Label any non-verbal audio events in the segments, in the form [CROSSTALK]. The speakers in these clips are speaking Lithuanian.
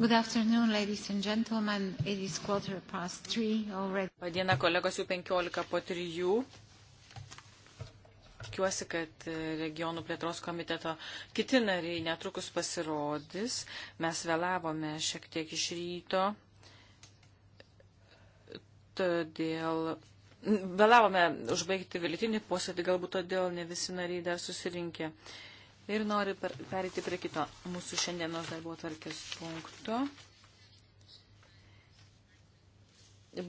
Good afternoon, ladies and gentlemen. It is quarter past three already. Padiena, kolegos, jau 15 po 3. Tikiuosi, kad e, regionų plėtros komiteto kiti nariai netrukus pasirodys. Mes vėlavome šiek tiek iš ryto, todėl vėlavome užbaigti vėlytinį posėdį, galbūt todėl ne visi nariai dar susirinkė. Uh, Ir noriu perėti prie kito mūsų šiandienos darbo tvarkės punkto.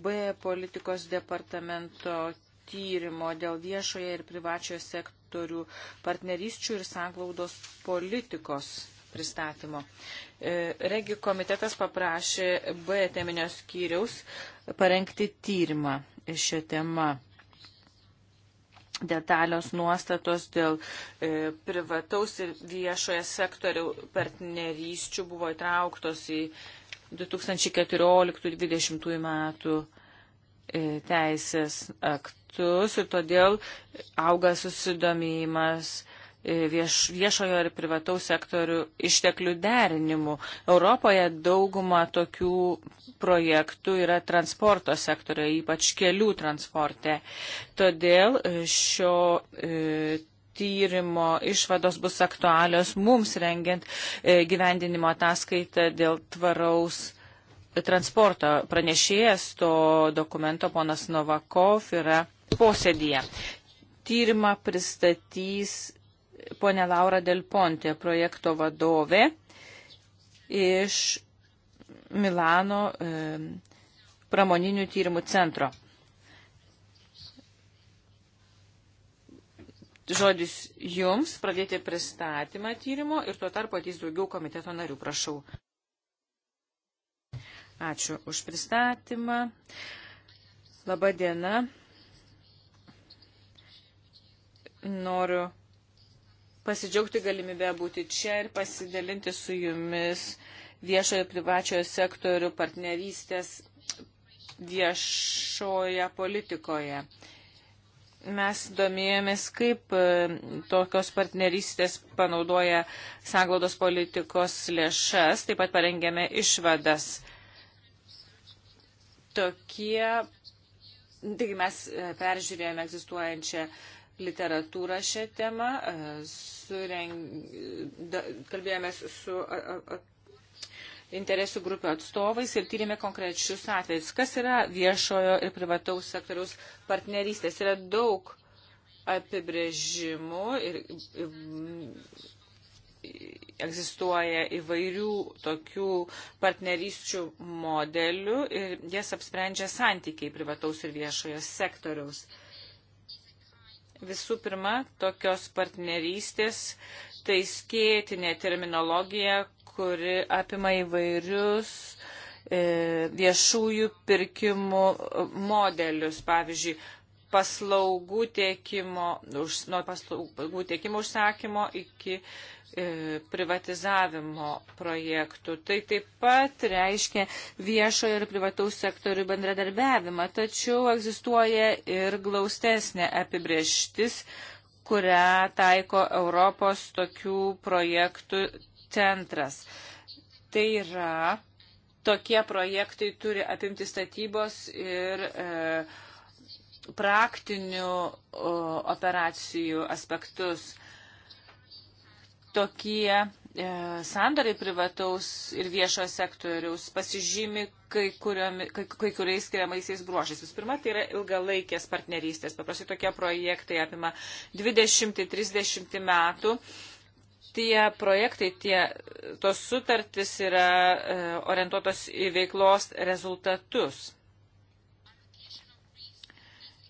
B politikos departamento tyrimo dėl viešoje ir privačiojo sektorių partnerysčių ir sanglaudos politikos pristatymo. E, Regi komitetas paprašė B teminio skyriaus parengti tyrimą šią temą detalios nuostatos dėl e, privataus ir viešoje sektorių partnerysčių buvo įtrauktos į 2014-2020 metų e, teisės aktus ir todėl auga susidomėjimas E, vieš, viešojo ir privataus sektorių išteklių derinimu. Europoje dauguma tokių projektų yra transporto sektorioje, ypač kelių transporte. Todėl e, šio e, tyrimo išvados bus aktualios mums rengiant e, gyvendinimo ataskaitą dėl tvaraus transporto. Pranešėjas to dokumento ponas Novakov yra posėdėje. Tyrimą pristatys ponė Laura Delponte, projekto vadovė iš Milano e, pramoninių tyrimų centro. Žodis jums pradėti pristatymą tyrimo ir tuo tarpu ateis daugiau komiteto narių, prašau. Ačiū už pristatymą. Labą dieną. Noriu pasidžiaugti galimybę būti čia ir pasidalinti su jumis viešojo privačiojo sektorių partnerystės viešoje politikoje. Mes domėjomės, kaip e, tokios partnerystės panaudoja sanglaudos politikos lėšas, taip pat parengėme išvadas. Tokie, taigi mes e, peržiūrėjome egzistuojančią uh, literatūrą šią temą. E, sureng... Da, kalbėjomės su a, a, interesų grupių atstovais ir tyrėme konkrečius atvejus. Kas yra viešojo ir privataus sektoriaus partnerystės? Yra daug apibrėžimų ir, ir, mm, ir egzistuoja įvairių tokių partnerysčių modelių ir jas apsprendžia santykiai privataus ir viešojo sektoriaus. Uh, Visų pirma, tokios partnerystės, tai skėtinė terminologija, kuri apima įvairius e, viešųjų pirkimų modelius. Pavyzdžiui, paslaugų tiekimo, už, nuo paslaugų tiekimo užsakymo iki e, privatizavimo projektų. Tai taip pat reiškia viešo ir privataus sektorių bendradarbiavimą, tačiau egzistuoja ir glaustesnė apibrieštis, kurią taiko Europos tokių projektų centras. Tai yra, tokie projektai turi apimti statybos ir e, praktinių operacijų aspektus. Tokie e, sandorai privataus ir viešo sektoriaus pasižymi kai, kuriomis, kai, kai kuriais skiriamaisiais bruožais. Vis pirma, tai yra ilgalaikės partnerystės. Paprastai tokie projektai apima 20-30 metų. Tie projektai, tie, tos sutartys yra e, orientuotos į veiklos rezultatus.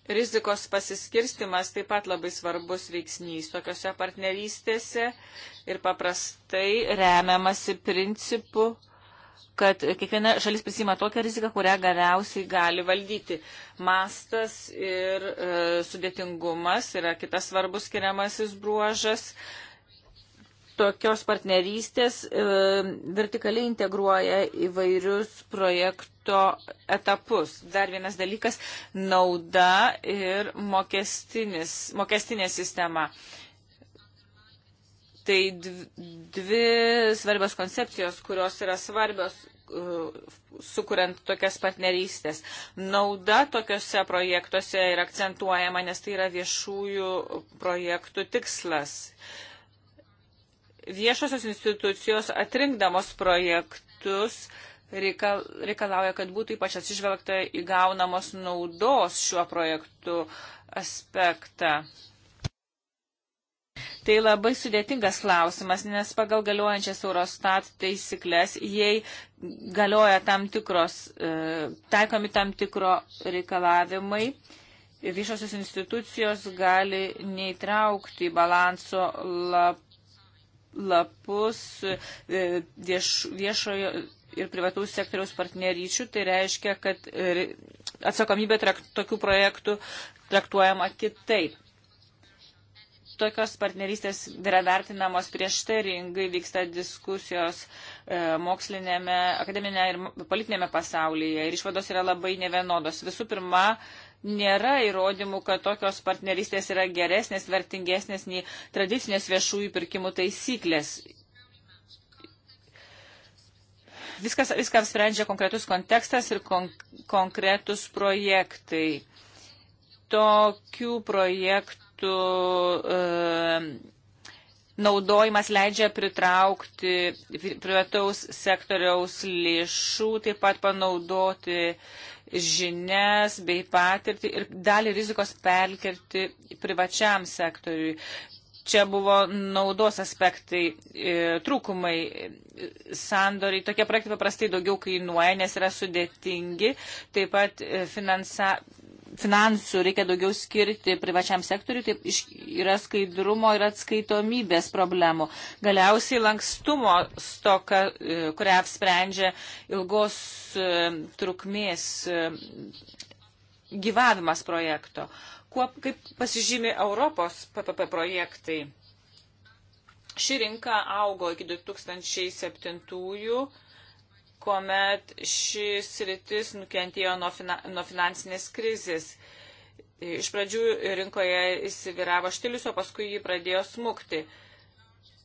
Rizikos pasiskirstimas taip pat labai svarbus veiksnys tokiuose partnerystėse ir paprastai remiamasi principu, kad kiekviena šalis prisima tokią riziką, kurią galiausiai gali valdyti. Mastas ir e, sudėtingumas yra kitas svarbus skiriamasis bruožas. Tokios partnerystės e, vertikaliai integruoja įvairius projektus projekto etapus. Dar vienas dalykas - nauda ir mokestinė sistema. Tai dvi svarbios koncepcijos, kurios yra svarbios uh, sukuriant tokias partnerystės. Nauda tokiuose projektuose yra akcentuojama, nes tai yra viešųjų projektų tikslas. Viešosios institucijos atrinkdamos projektus uh, reikalauja, kad būtų ypač atsižvelgta į gaunamos naudos šiuo projektu aspektą. Tai labai sudėtingas klausimas, nes pagal galiojančias Eurostat taisyklės, jei galioja tam tikros, e, taikomi tam tikro reikalavimai, viešosios institucijos gali neįtraukti balanso lap, lapus e, vieš, viešojo ir privataus sektoriaus partneryčių, tai reiškia, kad atsakomybė trakt, tokių projektų traktuojama kitaip. Tokios partnerystės yra vertinamos prieštaringai, vyksta diskusijos e, mokslinėme, akademinėme ir politinėme pasaulyje ir išvados yra labai nevienodos. Visų pirma, nėra įrodymų, kad tokios partnerystės yra geresnės, vertingesnės nei tradicinės viešųjų pirkimų taisyklės Viskas, viską sprendžia konkretus kontekstas ir kon, konkretus projektai. Tokių projektų e, naudojimas leidžia pritraukti privataus sektoriaus lėšų, taip pat panaudoti žinias bei patirtį ir dalį rizikos perkelti privačiam sektoriui čia buvo naudos aspektai, e, trūkumai, e, sandoriai. Tokie projektai paprastai daugiau kainuoja, nes yra sudėtingi. Taip pat e, finansa, finansų reikia daugiau skirti privačiam sektoriui, taip yra skaidrumo ir atskaitomybės problemų. Galiausiai lankstumo stoka, kurią apsprendžia ilgos trukmės gyvavimas projekto. Kuo, kaip pasižymė Europos PPP projektai. Ši rinka augo iki 2007-ųjų, kuomet šis rytis nukentėjo nuo, fina, nuo finansinės krizės. Iš pradžių rinkoje įsiviravo štilis, o paskui jį pradėjo smukti.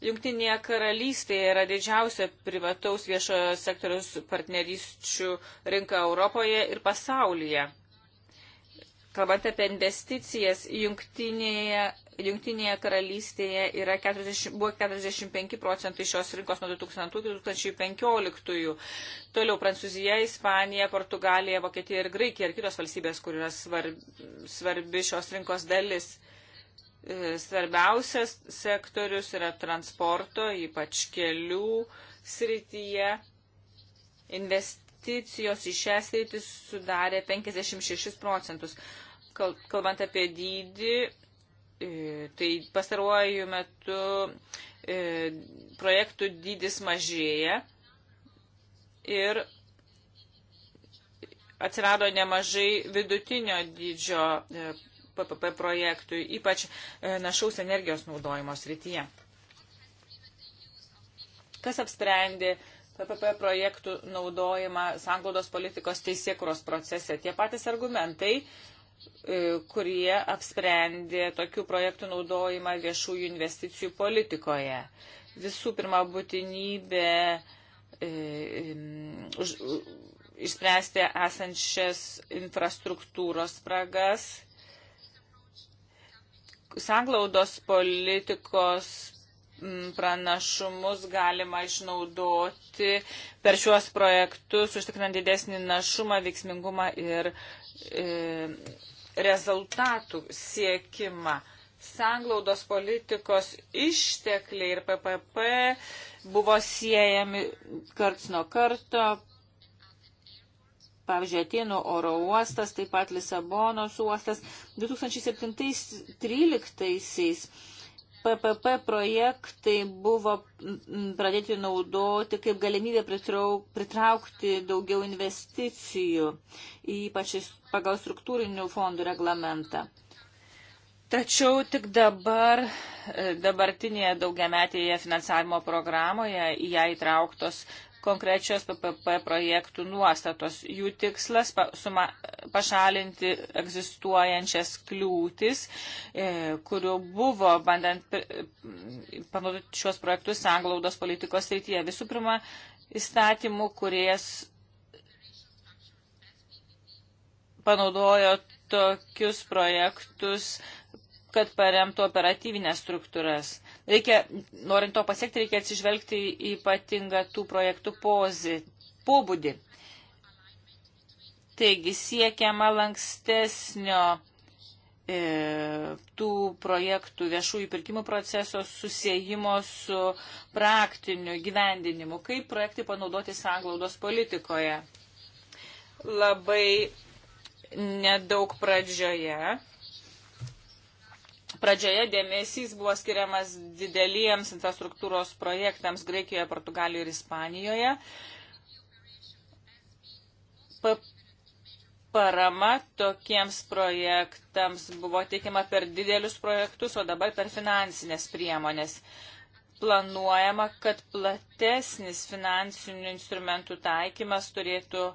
Junktinėje karalystėje yra didžiausia privataus viešojo sektoriaus partnerysčių rinka Europoje ir pasaulyje. Kalbant apie investicijas, jungtinėje, jungtinėje karalystėje 40, buvo 45 procentai šios rinkos nuo 2000 iki 2015. Toliau Prancūzija, Ispanija, Portugalija, Vokietija ir Graikija ir kitos valstybės, kur yra svarbi, svarbi šios rinkos dalis. E, svarbiausias sektorius yra transporto, ypač kelių srityje. Invest investicijos į šią sritį sudarė 56 procentus kalbant apie dydį, e, tai pastaruoju metu e, projektų dydis mažėja ir atsirado nemažai vidutinio dydžio PPP e, projektų, ypač našaus energijos naudojimo srityje. Kas apsprendė PPP projektų naudojimą sanglaudos politikos teisėkuros procese? Tie patys argumentai, E, kurie apsprendė tokių projektų naudojimą viešųjų investicijų politikoje. Visų pirma, būtinybė e, išspręsti esančias infrastruktūros spragas. Sanglaudos politikos pranašumus galima išnaudoti per šiuos projektus, užtikrinant didesnį našumą, veiksmingumą ir e, rezultatų siekimą. Sanglaudos politikos ištekliai ir PPP buvo siejami karts nuo karto. Pavyzdžiui, Atenų oro uostas, taip pat Lisabonos uostas. 2017-2013 PPP projektai buvo pradėti naudoti kaip galimybė pritraukti daugiau investicijų, ypač pagal struktūrinių fondų reglamentą. Tačiau tik dabar, dabartinėje daugiametėje finansavimo programoje į ją įtrauktos konkrečios PPP projektų nuostatos. Jų tikslas pa, suma, pašalinti egzistuojančias kliūtis, e, kurių buvo bandant panaudoti šios projektus sanglaudos politikos srityje. Visų pirma, įstatymų, kuries panaudojo tokius projektus kad paremtų operatyvinės struktūras. Reikia, norint to pasiekti, reikia atsižvelgti į ypatingą tų projektų pozį, pobūdį. Taigi siekiama lankstesnio e, tų projektų viešųjų pirkimų proceso susijimo su praktiniu gyvendinimu, kaip projektai panaudoti sanglaudos politikoje. Labai nedaug pradžioje Pradžioje dėmesys buvo skiriamas dideliems infrastruktūros projektams Graikijoje, Portugalijoje ir Ispanijoje. Pa parama tokiems projektams buvo teikiama per didelius projektus, o dabar per finansinės priemonės planuojama, kad platesnis finansinių instrumentų taikymas turėtų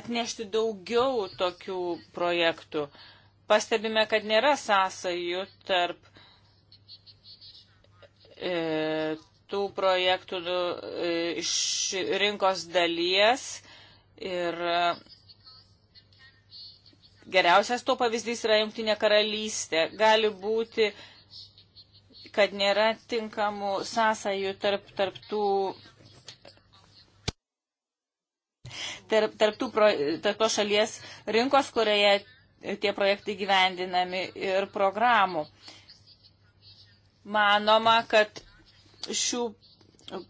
atnešti daugiau tokių projektų pastebime, kad nėra sąsajų tarp e, tų projektų e, iš rinkos dalies ir e, geriausias to pavyzdys yra Jungtinė karalystė. Gali būti, kad nėra tinkamų sąsajų tarp, tarp tų tarp, tarp, tų pro, tarp to šalies rinkos, kurioje tie projektai gyvendinami ir programų. Manoma, kad šių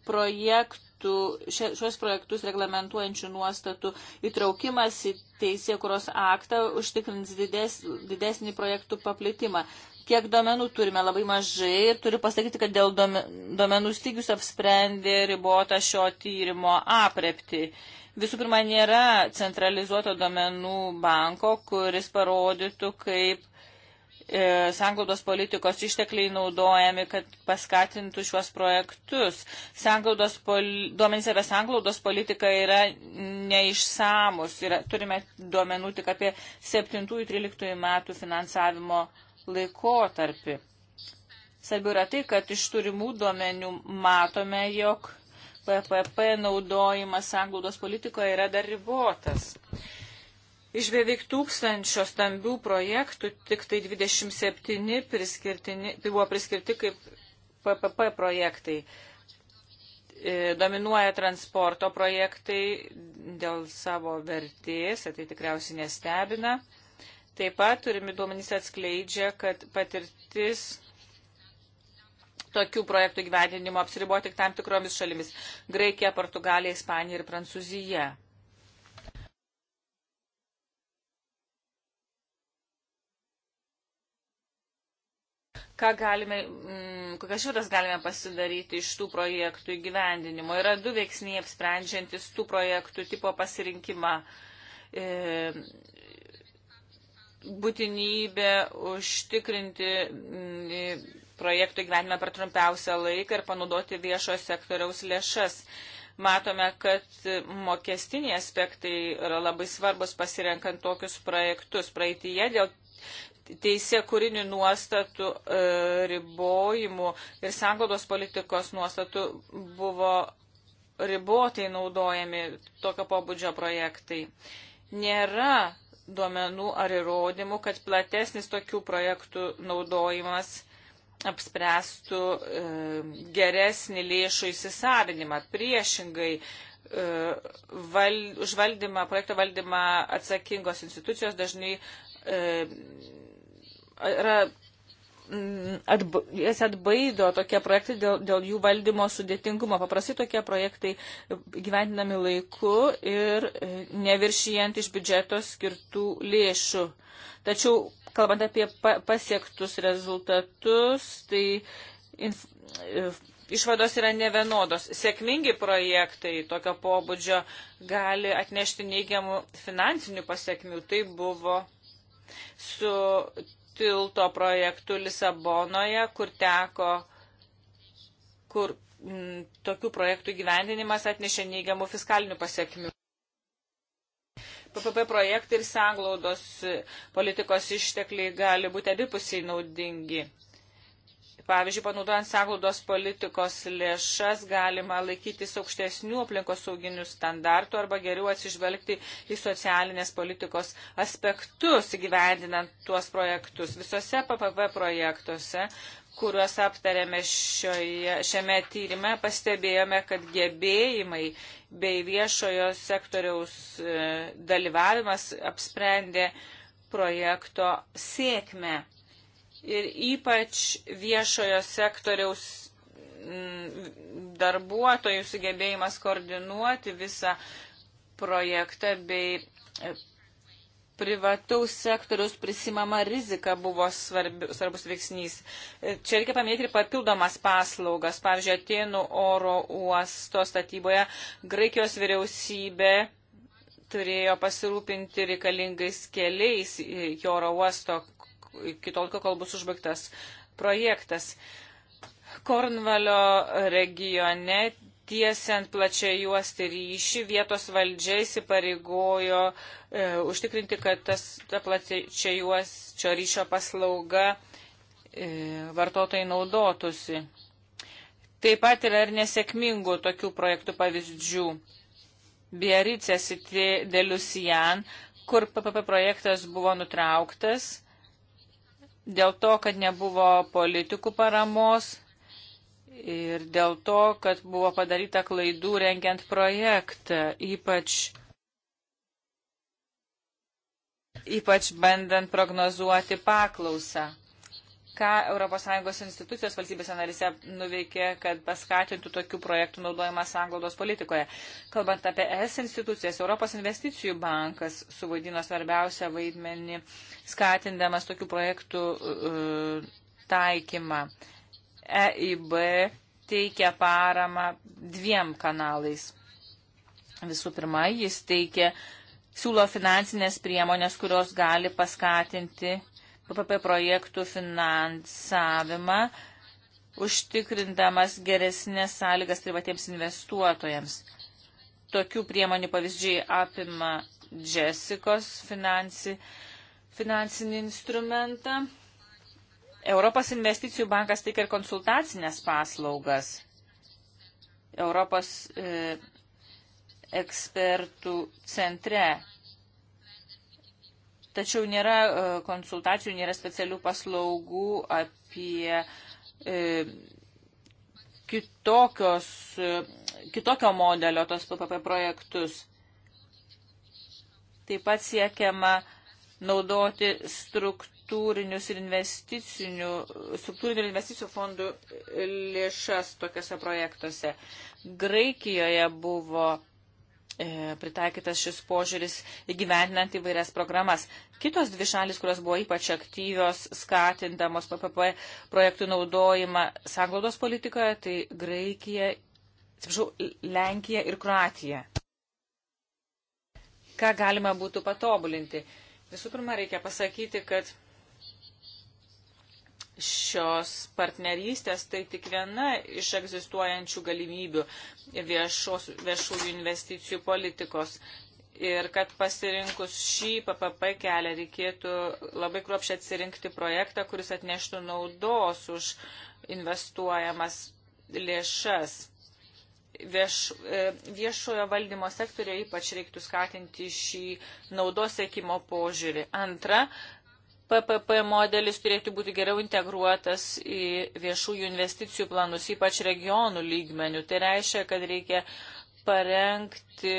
projektų, šios projektus reglamentuojančių nuostatų įtraukimas į teisėkuros aktą užtikrins dides, didesnį projektų paplitimą. Kiek duomenų turime? Labai mažai ir turiu pasakyti, kad dėl duomenų stygius apsprendė ribotą šio tyrimo aprepti. Visų pirma, nėra centralizuoto domenų banko, kuris parodytų, kaip e, sanglaudos politikos ištekliai naudojami, kad paskatintų šiuos projektus. Sanglaudos poli, duomenys apie sanglaudos politiką yra neišsamus. Yra, turime duomenų tik apie 7-13 metų finansavimo laikotarpį. Svarbu yra tai, kad iš turimų duomenių matome, jog PPP naudojimas sanglaudos politikoje yra dar ribotas. Iš beveik tūkstančio stambių projektų tik tai 27 tai buvo priskirti kaip PPP projektai. E, dominuoja transporto projektai dėl savo vertės, tai tikriausiai nestebina. Taip pat turimi duomenys atskleidžia, kad patirtis tokių projektų gyvendinimo apsiribuo tik tam tikromis šalimis - Graikija, Portugalija, Ispanija ir Prancūzija. Ką galime, mm, kokias išvadas galime pasidaryti iš tų projektų įgyvendinimo? Yra du veiksniai apsprendžiantis tų projektų tipo pasirinkimą. E, būtinybė užtikrinti mm, projektų įgyvenime per trumpiausią laiką ir panaudoti viešojo sektoriaus lėšas. Matome, kad mokestiniai aspektai yra labai svarbus pasirenkant tokius projektus. Praeitie dėl teisė kūrinių nuostatų e, ribojimų ir sangodos politikos nuostatų buvo ribotai naudojami tokio pobūdžio projektai. Nėra duomenų ar įrodymų, kad platesnis tokių projektų naudojimas apspręstų e, geresnį lėšų įsisavinimą. Priešingai, e, val, už valdymą, projekto valdymą atsakingos institucijos dažnai e, yra Mm, atba, jas atbaido tokie projektai dėl, dėl jų valdymo sudėtingumo. Paprastai tokie projektai gyventinami laiku ir e, neviršijant iš biudžeto skirtų lėšų. Tačiau, kalbant apie pa, pasiektus rezultatus, tai inf, e, išvados yra nevienodos. Sėkmingi projektai tokio pobūdžio gali atnešti neigiamų finansinių pasiekmių. Tai buvo su tilto projektu Lisabonoje, kur teko, kur m, mm, tokių projektų gyvendinimas atnešė neigiamų fiskalinių pasiekmių. PPP projektai ir sanglaudos politikos ištekliai gali būti abipusiai naudingi. Pavyzdžiui, panaudojant sąglaudos politikos lėšas galima laikytis aukštesnių aplinkos sauginių standartų arba geriau atsižvelgti į socialinės politikos aspektus įgyvendinant tuos projektus. Visose PPP projektuose kuriuos aptarėme šioje, šiame tyrime, pastebėjome, kad gebėjimai bei viešojo sektoriaus e, dalyvavimas apsprendė projekto sėkmę ir ypač viešojo sektoriaus mm, darbuotojų sugebėjimas koordinuoti visą projektą bei e, privataus sektoriaus prisimama rizika buvo svarbi, svarbus veiksnys. E, čia reikia paminėti ir papildomas paslaugas. Pavyzdžiui, Atenų oro uosto statyboje Graikijos vyriausybė turėjo pasirūpinti reikalingais keliais į oro uosto kitol, kol bus užbaigtas projektas. Kornvalio regione tiesiant plačiai juosti ryšį, vietos valdžia įsipareigojo e, užtikrinti, kad tas, ta plačiai juosčio ryšio paslauga e, vartotojai naudotųsi. Taip pat yra ir nesėkmingų tokių projektų pavyzdžių. Biaricė City de Lucian, kur PPP projektas buvo nutrauktas dėl to, kad nebuvo politikų paramos ir dėl to, kad buvo padaryta klaidų rengiant projektą, ypač, ypač bandant prognozuoti paklausą ką ES institucijos valstybėse narise nuveikė, kad paskatintų tokių projektų naudojimą sanglaudos politikoje. Kalbant apie ES institucijas, Europos investicijų bankas suvaidino svarbiausią vaidmenį, skatindamas tokių projektų uh, taikymą. EIB teikia paramą dviem kanalais. Visų pirma, jis teikia, siūlo finansinės priemonės, kurios gali paskatinti PPP projektų finansavimą, užtikrindamas geresnės sąlygas privatiems investuotojams. Tokių priemonių pavyzdžiai apima Jessicos finansi, finansinį instrumentą. Europos investicijų bankas teikia ir konsultacinės paslaugas. Europos e, ekspertų centre tačiau nėra e, konsultacijų, nėra specialių paslaugų apie e, kitokios, e, kitokio modelio tos PPP projektus. Taip pat siekiama naudoti struktūrinius ir investicinių, struktūrinių investicijų fondų lėšas tokiuose projektuose. Graikijoje buvo E, pritaikytas šis požiūris įgyvendinant įvairias programas. Kitos dvi šalis, kurios buvo ypač aktyvios, skatindamos PPP projektų naudojimą sanglaudos politikoje, tai Graikija, atsiprašau, Lenkija ir Kroatija. Ką galima būtų patobulinti? Visų pirma, reikia pasakyti, kad šios partnerystės tai tik viena iš egzistuojančių galimybių viešos, viešųjų investicijų politikos. Ir kad pasirinkus šį PPP kelią reikėtų labai kruopšiai atsirinkti projektą, kuris atneštų naudos už investuojamas lėšas. Vieš, e, viešojo valdymo sektorio ypač reiktų skatinti šį naudos sėkimo požiūrį. Antra, PPP modelis turėtų būti geriau integruotas į viešųjų investicijų planus, ypač regionų lygmenių. Tai reiškia, kad reikia parengti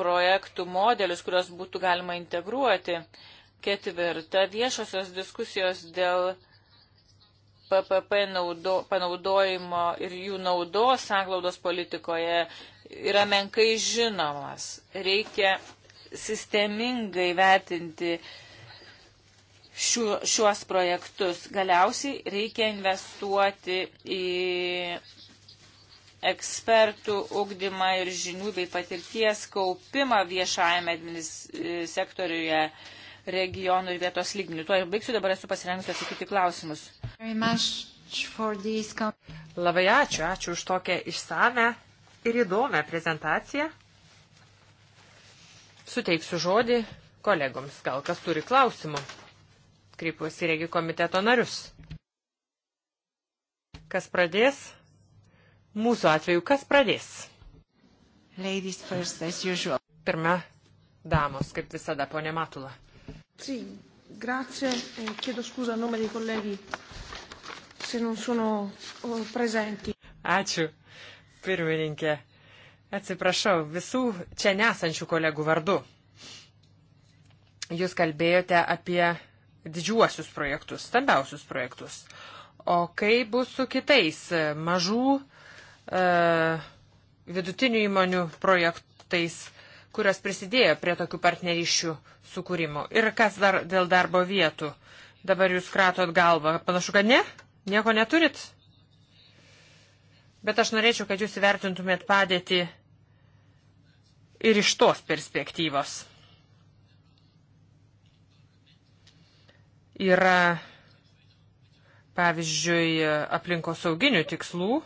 projektų modelius, kuriuos būtų galima integruoti. Ketvirta, viešosios diskusijos dėl PPP naudo, panaudojimo ir jų naudos sanglaudos politikoje yra menkai žinomas. Reikia sistemingai vertinti uh, šiu, šiuos projektus. Galiausiai reikia investuoti į ekspertų ugdymą ir žinių bei patirties kaupimą viešajame sektoriuje regionų ir vietos lygmenių. Tuo ir baigsiu, dabar esu pasirengusi atsakyti klausimus. Labai ačiū, ačiū už tokią išsame ir įdomią prezentaciją. Suteiksiu žodį kolegoms, gal kas turi klausimų kreipiuosi regi komiteto narius. Kas pradės? Mūsų atveju kas pradės? Ladies first, as usual. Pirma, damos, kaip visada, ponė Matula. Sì, grazie, eh, chiedo scusa a nome dei colleghi se non sono oh, presenti. Ačiū, pirmininkė. Atsiprašau visų čia nesančių kolegų vardu. Jūs kalbėjote apie didžiuosius projektus, stambiausius projektus. O kaip bus su kitais e, mažų e, vidutinių įmonių projektais, kurios prisidėjo prie tokių partnerysčių sukūrimo? Ir kas dar dėl darbo vietų? Dabar jūs kratot galvą. Panašu, kad ne? Nieko neturit? Bet aš norėčiau, kad jūs įvertintumėt padėtį ir iš tos perspektyvos. Yra, pavyzdžiui, aplinkosauginių tikslų,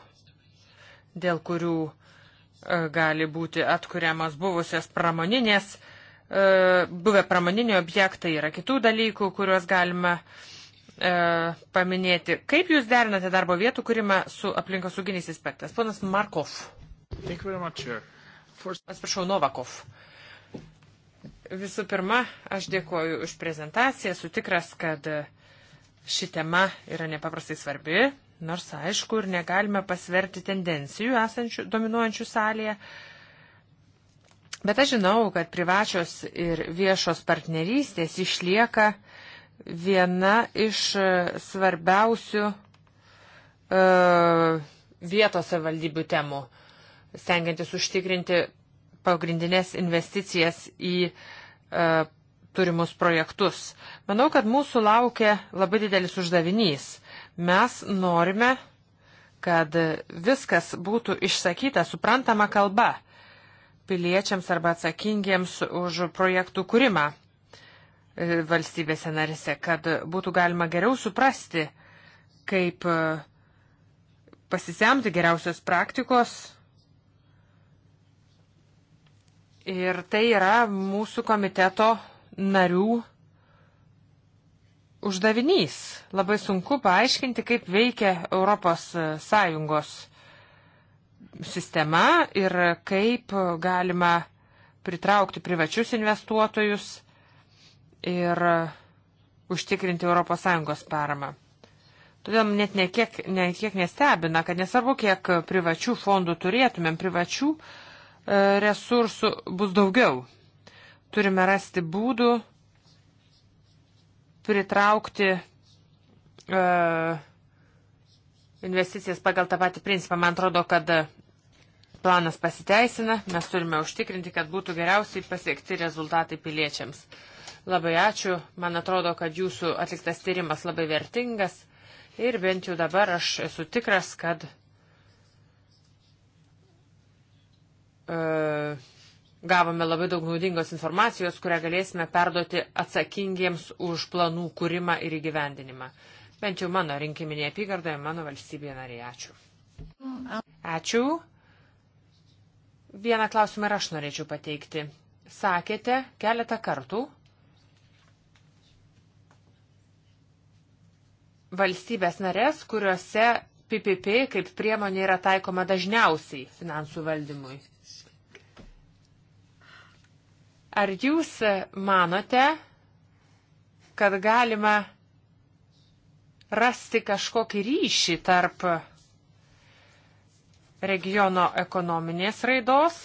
dėl kurių e, gali būti atkuriamas buvusios pramoninės, e, buvę pramoniniai objektai, yra kitų dalykų, kuriuos galima e, paminėti. Kaip jūs derinate darbo vietų kūrimą su aplinkosauginiais aspektas? Ponas Markov. Atsiprašau, Novakov. Uh, Visų pirma, aš dėkuoju už prezentaciją, esu tikras, kad ši tema yra nepaprastai svarbi, nors aišku ir negalime pasverti tendencijų esančių dominuojančių salėje. Bet aš žinau, kad privačios ir viešos partnerystės išlieka viena iš e, svarbiausių e, vietos savivaldybių temų, stengiantis užtikrinti pagrindinės investicijas į e, turimus projektus. Manau, kad mūsų laukia labai didelis uždavinys. Mes norime, kad viskas būtų išsakyta suprantama kalba piliečiams arba atsakingiems už projektų kūrimą e, valstybėse narise, kad būtų galima geriau suprasti, kaip e, pasisemti geriausios praktikos Ir tai yra mūsų komiteto narių uždavinys. Labai sunku paaiškinti, kaip veikia Europos Sąjungos sistema ir kaip galima pritraukti privačius investuotojus ir užtikrinti ES paramą. Todėl net nekiek, nekiek nestebina, kad nesvarbu, kiek privačių fondų turėtumėm, privačių uh, resursų bus daugiau. Turime rasti būdų pritraukti uh, investicijas pagal tą patį principą. Man atrodo, kad planas pasiteisina, mes turime užtikrinti, kad būtų geriausiai pasiekti rezultatai piliečiams. Labai ačiū, man atrodo, kad jūsų atliktas tyrimas labai vertingas ir bent jau dabar aš esu tikras, kad E, gavome labai daug naudingos informacijos, kurią galėsime perduoti atsakingiems už planų kūrimą ir įgyvendinimą. Bent jau mano rinkiminėje apygardoje, mano valstybėje nariai. Ačiū. Ačiū. Vieną klausimą ir aš norėčiau pateikti. Sakėte keletą kartų, valstybės narės, kuriuose PPP kaip priemonė yra taikoma dažniausiai finansų valdymui. Ar jūs manote, kad galima rasti kažkokį ryšį tarp regiono ekonominės raidos,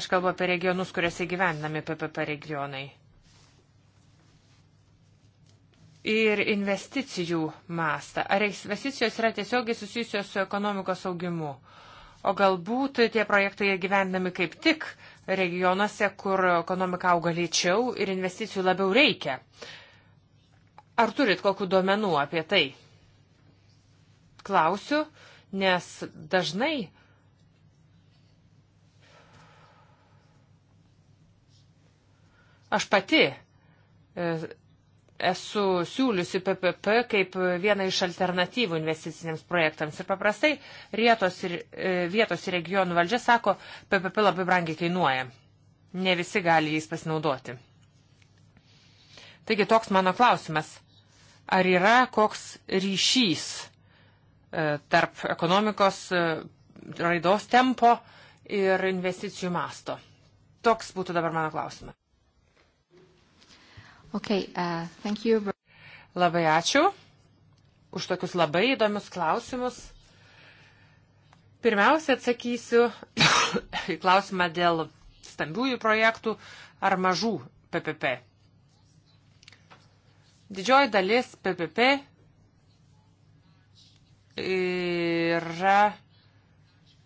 aš kalbu apie regionus, kuriuose gyvenami PPP regionai, ir investicijų mastą. Ar investicijos yra tiesiogiai susijusios su ekonomikos augimu? O galbūt tie projektai gyvenami kaip tik uh, regionuose, kur ekonomika auga lėčiau ir investicijų labiau reikia. Ar turit kokiu duomenų apie tai? Klausiu, nes dažnai aš pati e, esu siūliusi PPP kaip vieną iš alternatyvų investiciniams projektams. Ir paprastai vietos ir, e, vietos ir regionų valdžia sako, PPP labai brangiai kainuoja. Ne visi gali jais pasinaudoti. Taigi toks mano klausimas. Ar yra koks ryšys e, tarp ekonomikos e, raidos tempo ir investicijų masto? Toks būtų dabar mano klausimas. Okay, uh, thank you. Labai ačiū už tokius labai įdomius klausimus. Pirmiausia, atsakysiu [COUGHS] į klausimą dėl stambiųjų projektų ar mažų PPP. Didžioji dalis PPP yra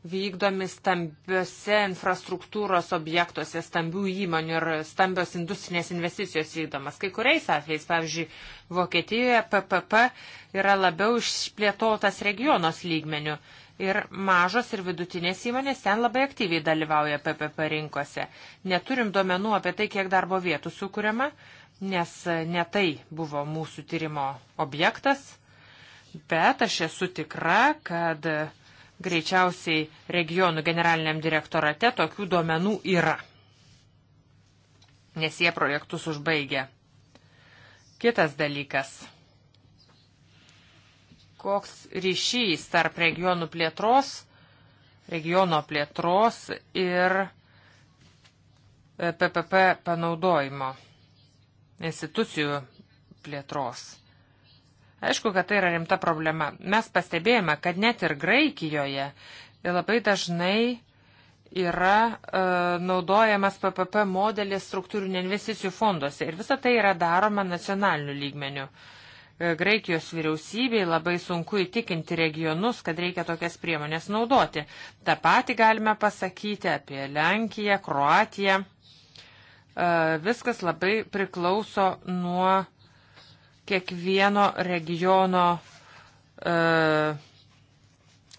vykdomi stambiose infrastruktūros objektuose, stambių įmonių ir stambios industrinės investicijos vykdomas. Kai kuriais atvejais, pavyzdžiui, Vokietijoje PPP yra labiau išplėtotas regionos lygmenių ir mažos ir vidutinės įmonės ten labai aktyviai dalyvauja PPP rinkose. Neturim duomenų apie tai, kiek darbo vietų sukūriama, nes ne tai buvo mūsų tyrimo objektas, bet aš esu tikra, kad Greičiausiai regionų generaliniam direktorate tokių duomenų yra, nes jie projektus užbaigia. Kitas dalykas. Koks ryšys tarp regionų plėtros, regiono plėtros ir PPP e, panaudojimo institucijų plėtros. Aišku, kad tai yra rimta problema. Mes pastebėjome, kad net ir Graikijoje labai dažnai yra e, naudojamas PPP modelis struktūrinių investicijų fonduose ir visa tai yra daroma nacionaliniu lygmeniu. E, Graikijos vyriausybei labai sunku įtikinti regionus, kad reikia tokias priemonės naudoti. Ta pati galime pasakyti apie Lenkiją, Kroatiją. E, viskas labai priklauso nuo kiekvieno regiono e,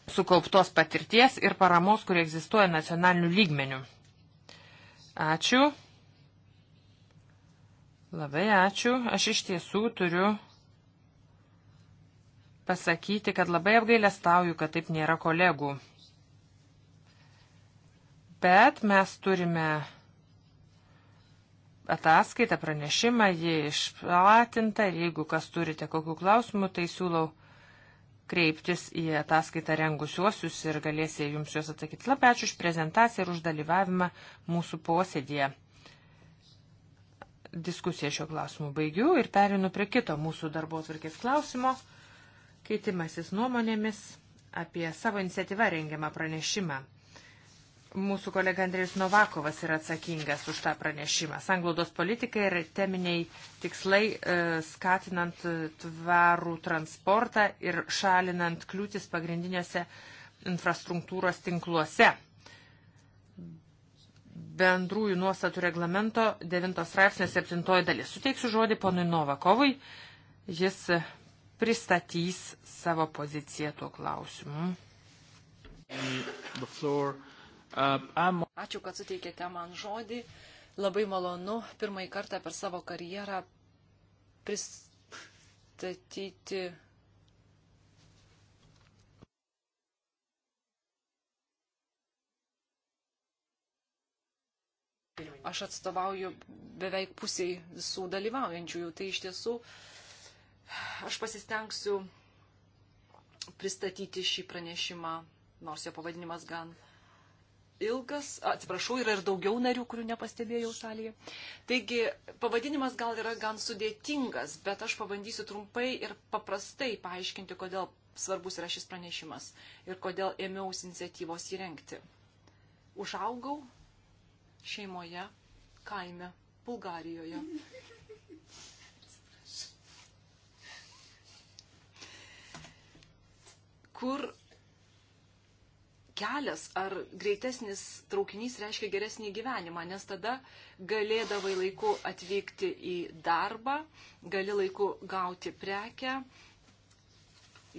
sukauptos patirties ir paramos, kurie egzistuoja nacionaliniu lygmeniu. Ačiū. Labai ačiū. Aš iš tiesų turiu pasakyti, kad labai apgailestauju, kad taip nėra kolegų. Bet mes turime ataskaitą, pranešimą, jį išplatinta ir jeigu kas turite kokių klausimų, tai siūlau kreiptis į ataskaitą rengusiuosius ir galėsite jums juos atsakyti. Labai ačiū už prezentaciją ir už dalyvavimą mūsų posėdėje. Diskusiją šio klausimu baigiu ir perinu prie kito mūsų darbo atvarkės klausimo. Keitimasis nuomonėmis apie savo iniciatyvą rengiamą pranešimą Mūsų kolega Andrėjus Novakovas yra atsakingas už tą pranešimą. Sanglaudos politika ir teminiai tikslai e, skatinant e, tvarų transportą ir šalinant kliūtis pagrindiniuose infrastruktūros tinkluose. Bendrųjų nuostatų reglamento 9 straipsnio 7 dalis. Suteiksiu žodį ponui Novakovui. Jis pristatys savo poziciją tuo klausimu. The floor Ačiū, kad suteikėte man žodį. Labai malonu pirmąjį kartą per savo karjerą pristatyti. Aš atstovauju beveik pusiai visų dalyvaujančiųjų. Tai iš tiesų aš pasistengsiu pristatyti šį pranešimą, nors jo pavadinimas gan ilgas, atsiprašau, yra ir daugiau narių, kurių nepastebėjau salėje. Taigi, pavadinimas gal yra gan sudėtingas, bet aš pabandysiu trumpai ir paprastai paaiškinti, kodėl svarbus yra šis pranešimas ir kodėl ėmiausi iniciatyvos įrengti. Užaugau šeimoje, kaime, Bulgarijoje. kur kelias ar greitesnis traukinys reiškia geresnį gyvenimą, nes tada galėdavai laiku atvykti į darbą, gali laiku gauti prekę,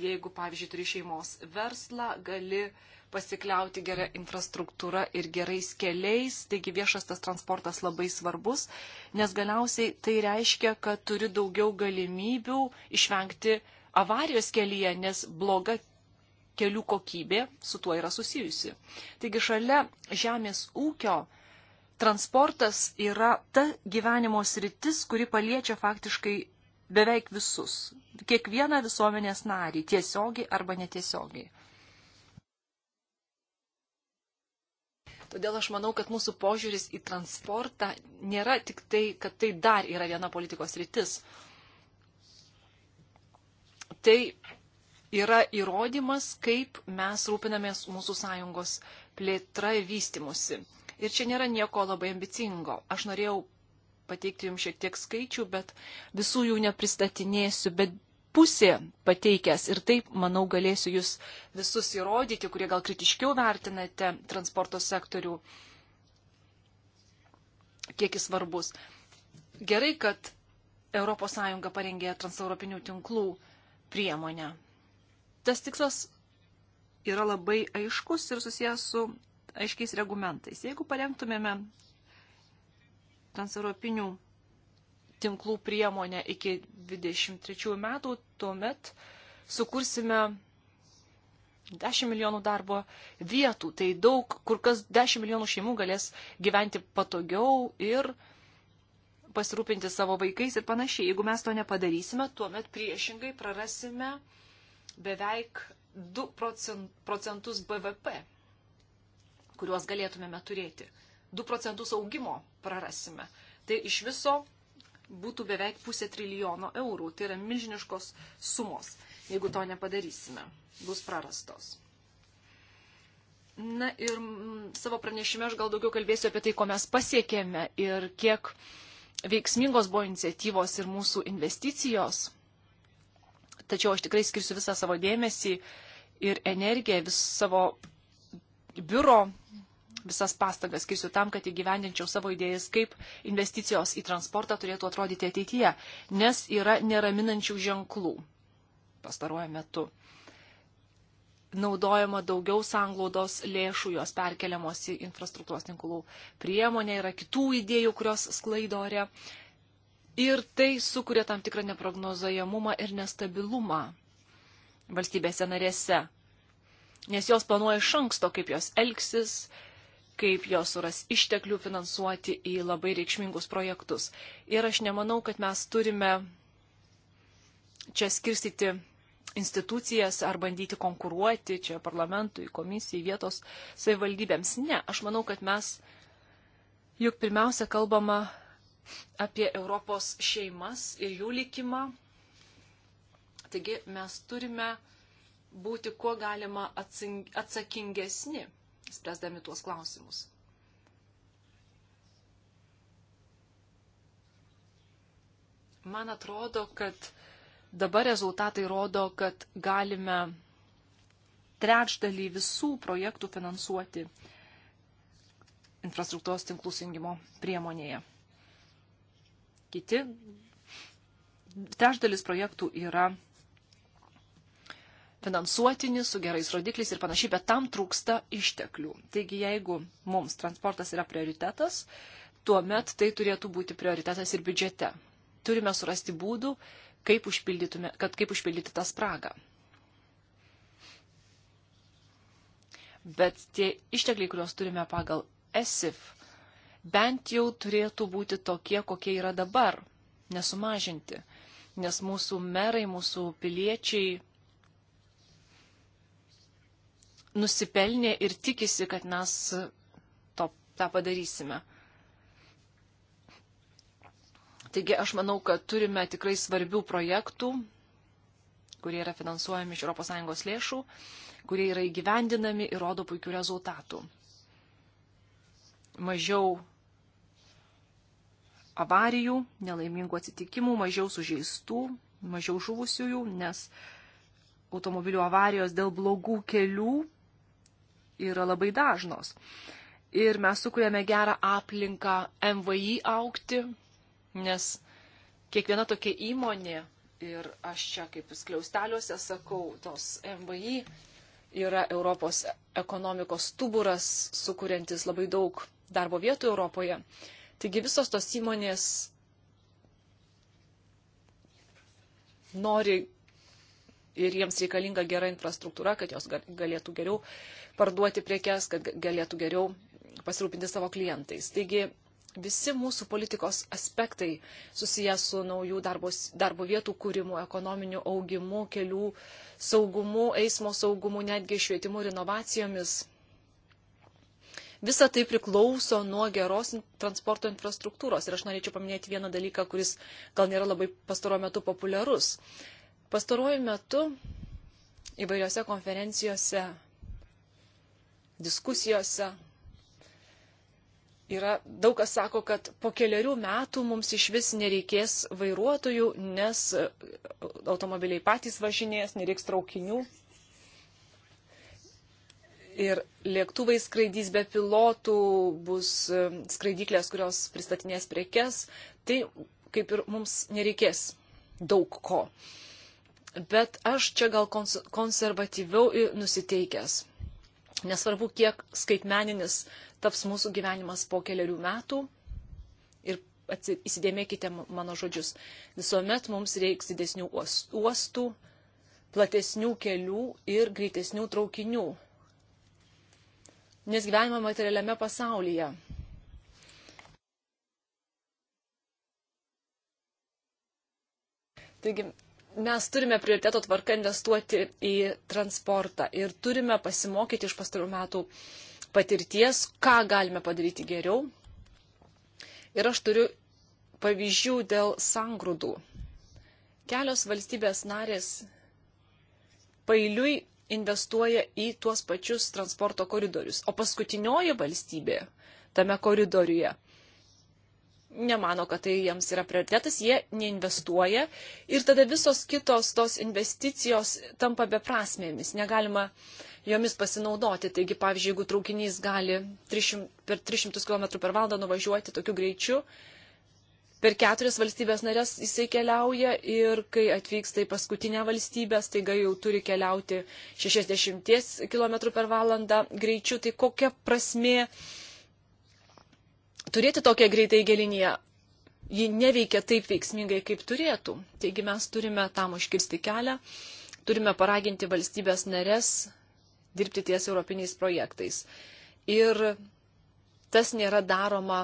jeigu, pavyzdžiui, turi šeimos verslą, gali pasikliauti gerą infrastruktūrą ir gerais keliais, taigi viešas tas transportas labai svarbus, nes galiausiai tai reiškia, kad turi daugiau galimybių išvengti avarijos kelyje, nes bloga kelių kokybė su tuo yra susijusi. Taigi šalia žemės ūkio transportas yra ta gyvenimo sritis, kuri paliečia faktiškai beveik visus, kiekvieną visuomenės narį, tiesiogiai arba netiesiogiai. Todėl aš manau, kad mūsų požiūris į transportą nėra tik tai, kad tai dar yra viena politikos rytis. Tai yra įrodymas, kaip mes rūpinamės mūsų sąjungos plėtra ir vystimusi. Ir čia nėra nieko labai ambicingo. Aš norėjau pateikti jums šiek tiek skaičių, bet visų jų nepristatinėsiu, bet pusė pateikęs ir taip, manau, galėsiu jūs visus įrodyti, kurie gal kritiškiau vertinate transporto sektorių, kiek jis svarbus. Gerai, kad ES parengė transeuropinių tinklų priemonę tas tikslas yra labai aiškus ir susijęs su aiškiais argumentais. Jeigu parengtumėme transeuropinių tinklų priemonę iki 23 metų, tuomet sukursime 10 milijonų darbo vietų. Tai daug, kur kas 10 milijonų šeimų galės gyventi patogiau ir pasirūpinti savo vaikais ir panašiai. Jeigu mes to nepadarysime, tuomet priešingai prarasime beveik 2 procentus BVP, kuriuos galėtumėme turėti. 2 procentus augimo prarasime. Tai iš viso būtų beveik pusė trilijono eurų. Tai yra milžiniškos sumos, jeigu to nepadarysime. Bus prarastos. Na ir savo pranešime aš gal daugiau kalbėsiu apie tai, ko mes pasiekėme ir kiek veiksmingos buvo iniciatyvos ir mūsų investicijos Tačiau aš tikrai skirsiu visą savo dėmesį ir energiją, vis savo biuro, visas pastangas skirsiu tam, kad įgyvendinčiau savo idėjas, kaip investicijos į transportą turėtų atrodyti ateityje, nes yra neraminančių ženklų pastaruoju metu. Naudojama daugiau sanglaudos lėšų, jos perkeliamos į infrastruktūros tinklų priemonę, yra kitų idėjų, kurios sklaido ore ir tai sukuria tam tikrą neprognozojamumą ir nestabilumą valstybėse narėse. Nes jos planuoja iš anksto, kaip jos elgsis, kaip jos suras išteklių finansuoti į labai reikšmingus projektus. Ir aš nemanau, kad mes turime čia skirstyti institucijas ar bandyti konkuruoti čia parlamentui, komisijai, vietos savivaldybėms. Ne, aš manau, kad mes juk pirmiausia kalbama apie Europos šeimas ir jų likimą. Taigi mes turime būti kuo galima atsakingesni, spręsdami tuos klausimus. Man atrodo, kad dabar rezultatai rodo, kad galime trečdalį visų projektų finansuoti infrastruktūros tinklų sujungimo priemonėje. Kiti trešdalis projektų yra finansuotini, su gerais rodikliais ir panašiai, bet tam trūksta išteklių. Taigi, jeigu mums transportas yra prioritetas, tuomet tai turėtų būti prioritetas ir biudžete. Turime surasti būdų, kaip, kad, kaip užpildyti tą spragą. Bet tie ištekliai, kuriuos turime pagal ESIF bent jau turėtų būti tokie, kokie yra dabar, nesumažinti. Nes mūsų merai, mūsų piliečiai nusipelnė ir tikisi, kad mes to, tą padarysime. Taigi aš manau, kad turime tikrai svarbių projektų, kurie yra finansuojami iš ES lėšų, kurie yra įgyvendinami ir rodo puikių rezultatų. Mažiau avarijų, nelaimingų atsitikimų, mažiau sužeistų, mažiau žuvusiųjų, nes automobilių avarijos dėl blogų kelių yra labai dažnos. Ir mes sukūrėme gerą aplinką MVI aukti, nes kiekviena tokia įmonė, ir aš čia kaip skliausteliuose sakau, tos MVI yra Europos ekonomikos stuburas, sukūrintis labai daug darbo vietų Europoje. Taigi visos tos įmonės nori ir jiems reikalinga gera infrastruktūra, kad jos galėtų geriau parduoti priekes, kad galėtų geriau pasirūpinti savo klientais. Taigi visi mūsų politikos aspektai susijęs su naujų darbos, darbo vietų kūrimu, ekonominiu augimu, kelių saugumu, eismo saugumu, netgi švietimu ir inovacijomis Visa tai priklauso nuo geros transporto infrastruktūros. Ir aš norėčiau paminėti vieną dalyką, kuris gal nėra labai pastaruoju metu populiarus. Pastaruoju metu įvairiose konferencijose, diskusijose yra daug kas sako, kad po keliarių metų mums iš vis nereikės vairuotojų, nes automobiliai patys važinės, nereiks traukinių. Yes ir lėktuvai skraidys be pilotų, bus skraidyklės, kurios pristatinės prekes, tai kaip ir mums nereikės daug ko. Bet aš čia gal konservatyviau nusiteikęs. Nesvarbu, kiek skaitmeninis taps mūsų gyvenimas po keliarių metų. Ir įsidėmėkite mano žodžius. Visuomet mums reiks didesnių uostų, platesnių kelių ir greitesnių traukinių nes gyvenimo materialiame pasaulyje. Taigi mes turime prioriteto tvarką investuoti į transportą ir turime pasimokyti iš pastarų metų patirties, ką galime padaryti geriau. Ir aš turiu pavyzdžių dėl sangrūdų. Kelios valstybės narės pailiui investuoja į tuos pačius transporto koridorius. O paskutinioji valstybė tame koridoriuje nemano, kad tai jiems yra prioritetas, jie neinvestuoja ir tada visos kitos tos investicijos tampa beprasmėmis, negalima jomis pasinaudoti. Taigi, pavyzdžiui, jeigu traukinys gali 300, per 300 km per valandą nuvažiuoti tokiu greičiu, per keturias valstybės narės jisai keliauja ir kai atvyksta į paskutinę valstybę, staiga jau turi keliauti 60 km per valandą greičiu, tai kokia prasmė turėti tokią greitai geliniją? Ji neveikia taip veiksmingai, kaip turėtų. Taigi mes turime tam užkirsti kelią, turime paraginti valstybės narės dirbti ties europiniais projektais. Ir tas nėra daroma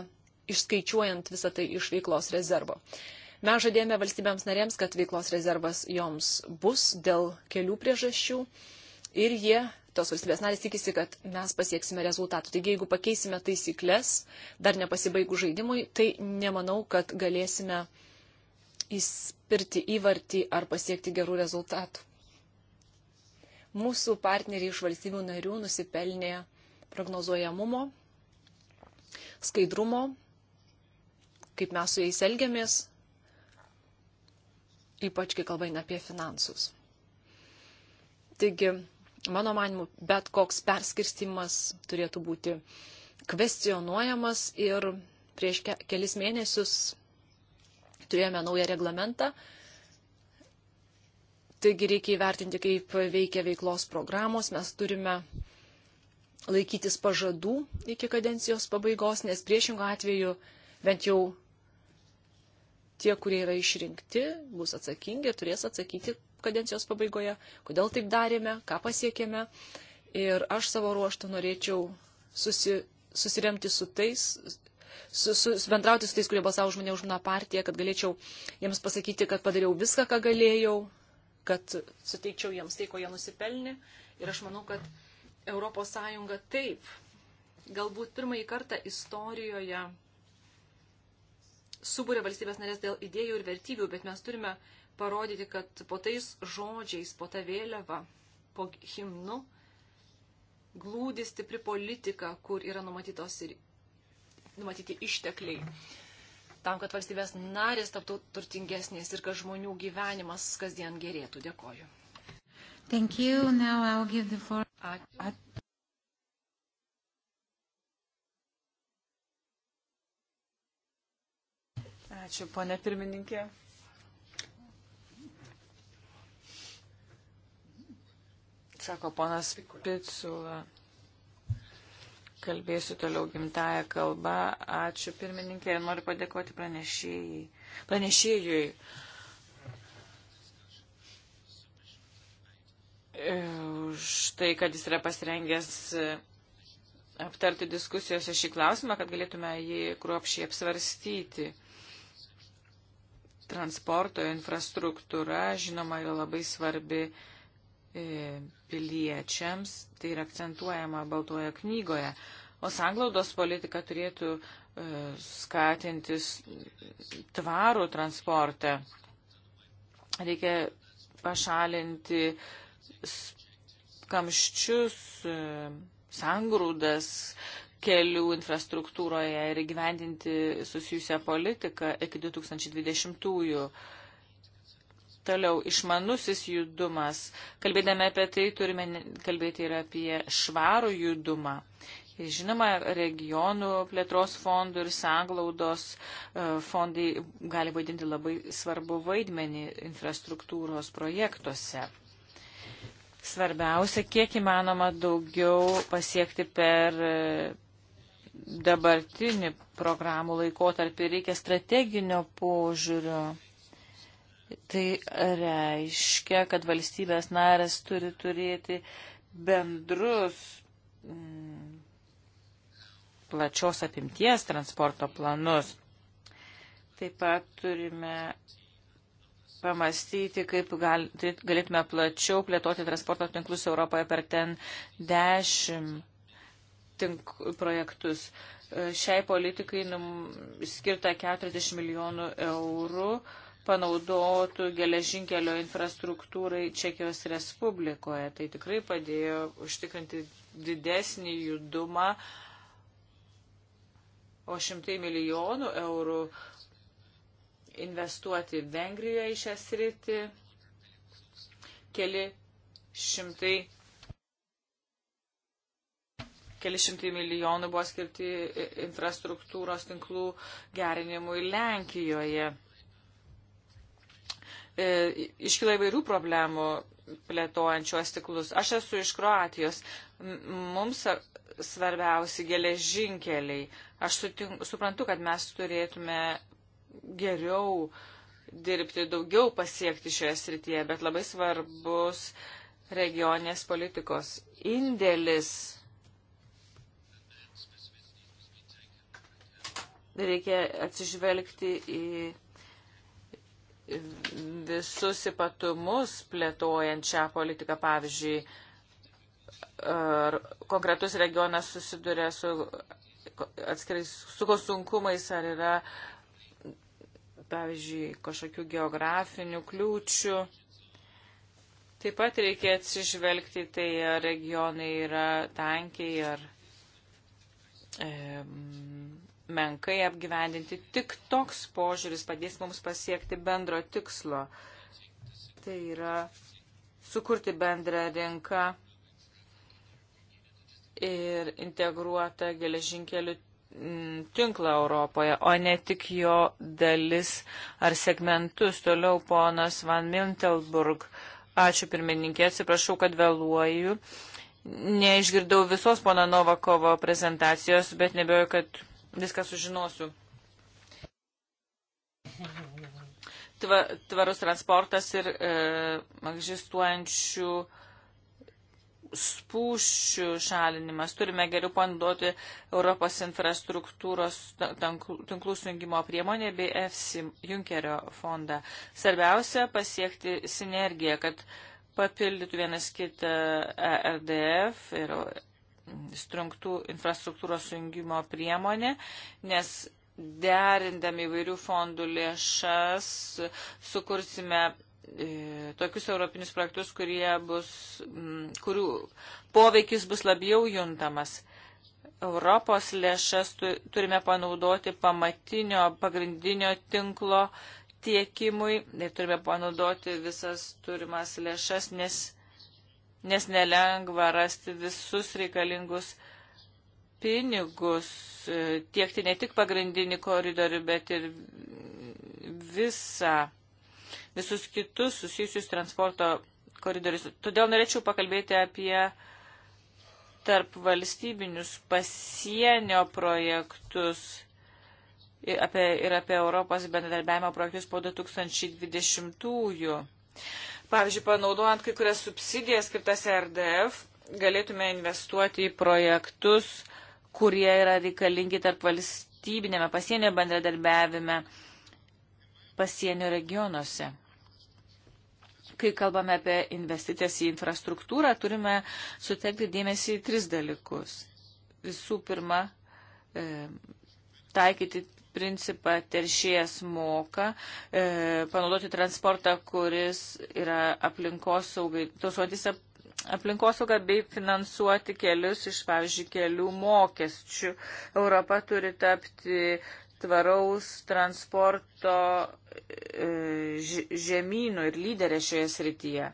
išskaičiuojant visą tai iš veiklos rezervo. Mes žadėjome valstybėms narėms, kad veiklos rezervas joms bus dėl kelių priežasčių ir jie, tos valstybės narės, tikisi, kad mes pasieksime rezultatų. Taigi, jeigu pakeisime taisyklės, dar nepasibaigų žaidimui, tai nemanau, kad galėsime įspirti įvartį ar pasiekti gerų rezultatų. Mūsų partneriai iš valstybių narių nusipelnė prognozuojamumo, skaidrumo kaip mes su jais elgiamės, ypač kai kalbain apie finansus. Taigi, mano manimu, bet koks perskirstimas turėtų būti kvestionuojamas ir prieš kelis mėnesius turėjome naują reglamentą. Taigi reikia įvertinti, kaip veikia veiklos programos. Mes turime laikytis pažadų iki kadencijos pabaigos, nes priešingų atveju bent jau tie, kurie yra išrinkti, bus atsakingi ir turės atsakyti kadencijos pabaigoje, kodėl taip darėme, ką pasiekėme. Ir aš savo ruoštų norėčiau susi, susiremti su tais, su, su, su, bendrauti su tais, kurie balsavo už mane už mano partiją, kad galėčiau jiems pasakyti, kad padariau viską, ką galėjau, kad suteikčiau jiems tai, ko jie nusipelnė. Ir aš manau, kad ES taip, galbūt pirmąjį kartą istorijoje subūrė valstybės narės dėl idėjų ir vertybių, bet mes turime parodyti, kad po tais žodžiais, po tą vėliavą, po himnu glūdi stipri politika, kur yra numatytos ir numatyti ištekliai. Tam, kad valstybės narės taptų turtingesnės ir kad žmonių gyvenimas kasdien gerėtų. Dėkoju. Thank you. Now I'll give the floor. Ačiū. Ačiū, ponė pirmininkė. Sako ponas Picula. Kalbėsiu toliau gimtają kalbą. Ačiū pirmininkė ir noriu padėkoti pranešėjai. pranešėjui. E, už tai, kad jis yra pasirengęs e, aptarti diskusijose šį klausimą, kad galėtume jį kruopšiai apsvarstyti transporto infrastruktūra, žinoma, yra labai svarbi e, piliečiams, tai yra akcentuojama Baltoje knygoje. O sanglaudos politika turėtų e, skatintis tvarų transportą. Reikia pašalinti kamščius, e, sangrūdas, kelių infrastruktūroje ir gyvendinti susijusią politiką iki 2020-ųjų. Toliau išmanusis judumas. Kalbėdami apie tai turime kalbėti ir apie švarų judumą. Ir žinoma, regionų plėtros fondų ir sanglaudos e, fondai gali vaidinti labai svarbu vaidmenį infrastruktūros projektuose. Svarbiausia, kiek įmanoma daugiau pasiekti per e, dabartinį programų laikotarpį reikia strateginio požiūrio. Tai reiškia, kad valstybės narės turi turėti bendrus m, mm, plačios apimties transporto planus. Taip pat turime pamastyti, kaip gal, tai galėtume plačiau plėtoti transporto tinklus Europoje per ten dešimt tink, projektus. E, šiai politikai num, skirta 40 milijonų eurų panaudotų geležinkelio infrastruktūrai Čekijos Respublikoje. Tai tikrai padėjo užtikrinti didesnį judumą, o šimtai milijonų eurų investuoti Vengrijoje į šią sritį. Keli šimtai keli šimtai milijonų buvo skirti infrastruktūros tinklų gerinimui Lenkijoje. E, iškyla įvairių problemų plėtojant šiuos tiklus. Aš esu iš Kroatijos. Mums svarbiausi geležinkeliai. Aš sutink, suprantu, kad mes turėtume geriau dirbti, daugiau pasiekti šioje srityje, bet labai svarbus regionės politikos indėlis reikia atsižvelgti į visus ypatumus plėtojant šią politiką. Pavyzdžiui, konkretus regionas susiduria su atskirais su ko sunkumais, ar yra, pavyzdžiui, kažkokių geografinių kliūčių. Taip pat reikia atsižvelgti tai, ar regionai yra tankiai, ar e, menkai apgyvendinti. Tik toks požiūris padės mums pasiekti bendro tikslo. Tai yra sukurti bendrą rinką ir integruotą geležinkelių mm, tinklą Europoje, o ne tik jo dalis ar segmentus. Toliau ponas Van Mintelburg. Ačiū pirmininkė, atsiprašau, kad vėluoju. Neišgirdau visos pono Novakovo prezentacijos, bet nebejoju, kad viską sužinosiu. Tva, tvarus transportas ir e, egzistuojančių spūščių šalinimas. Turime geriau panduoti Europos infrastruktūros tinklų sujungimo priemonė bei EFSI Junkerio fondą. Svarbiausia pasiekti sinergiją, kad papildytų vienas kitą ERDF ir strunktų infrastruktūros sujungimo priemonė, nes derindami įvairių fondų lėšas sukursime e, tokius europinius projektus, bus, kurių poveikis bus labiau juntamas. Europos lėšas turime panaudoti pamatinio pagrindinio tinklo tiekimui ir turime panaudoti visas turimas lėšas, nes nes nelengva rasti visus reikalingus pinigus, e, tiekti ne tik pagrindinį koridorių, bet ir visą, visus kitus susijusius transporto koridorius. Todėl norėčiau pakalbėti apie tarp valstybinius pasienio projektus ir apie, ir apie Europos bendradarbiavimo projektus po 2020-ųjų. Pavyzdžiui, panaudojant kai kurias subsidijas skirtas RDF, galėtume investuoti į projektus, kurie yra reikalingi tarp valstybinėme pasienio bendradarbiavime pasienio regionuose. Kai kalbame apie investicijas į infrastruktūrą, turime sutelkti dėmesį į tris dalykus. Visų pirma, e, taikyti principą teršėjas moka, e, panaudoti transportą, kuris yra aplinkosaugai, tausuotis ap, aplinkosaugą bei finansuoti kelius iš, pavyzdžiui, kelių mokesčių. Europa turi tapti tvaraus transporto e, žemynų ir lyderė šioje srityje.